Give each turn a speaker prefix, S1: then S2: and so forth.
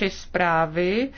S1: či zprávy